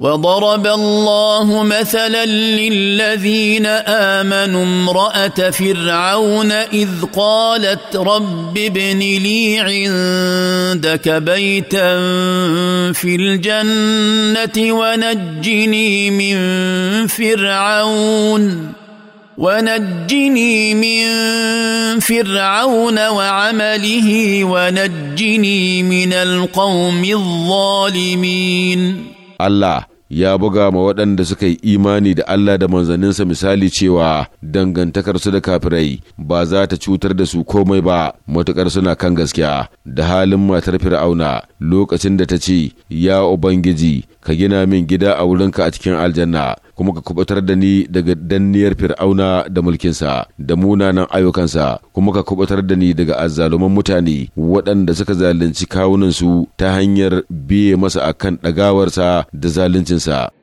وضرب الله مثلا للذين امنوا امراه فرعون اذ قالت رب ابن لي عندك بيتا في الجنه ونجني من فرعون ونجني من فرعون وعمله ونجني من القوم الظالمين Allah ya buga ma waɗanda suka yi imani da Allah da manzanninsa misali cewa dangantakarsu da kafirai ba za ta cutar da su komai ba matuƙar suna kan gaskiya da halin matar fir'auna lokacin da ta ce ya ubangiji ka gina min gida a wurinka a cikin aljanna kuma ka kubutar da ni daga danniyar fir'auna da mulkinsa da munanan ayyukansa kuma ka kubutar da ni daga azzaluman mutane waɗanda suka zalunci kawunansu ta hanyar biye masa akan ɗagawarsa da zaluncinsa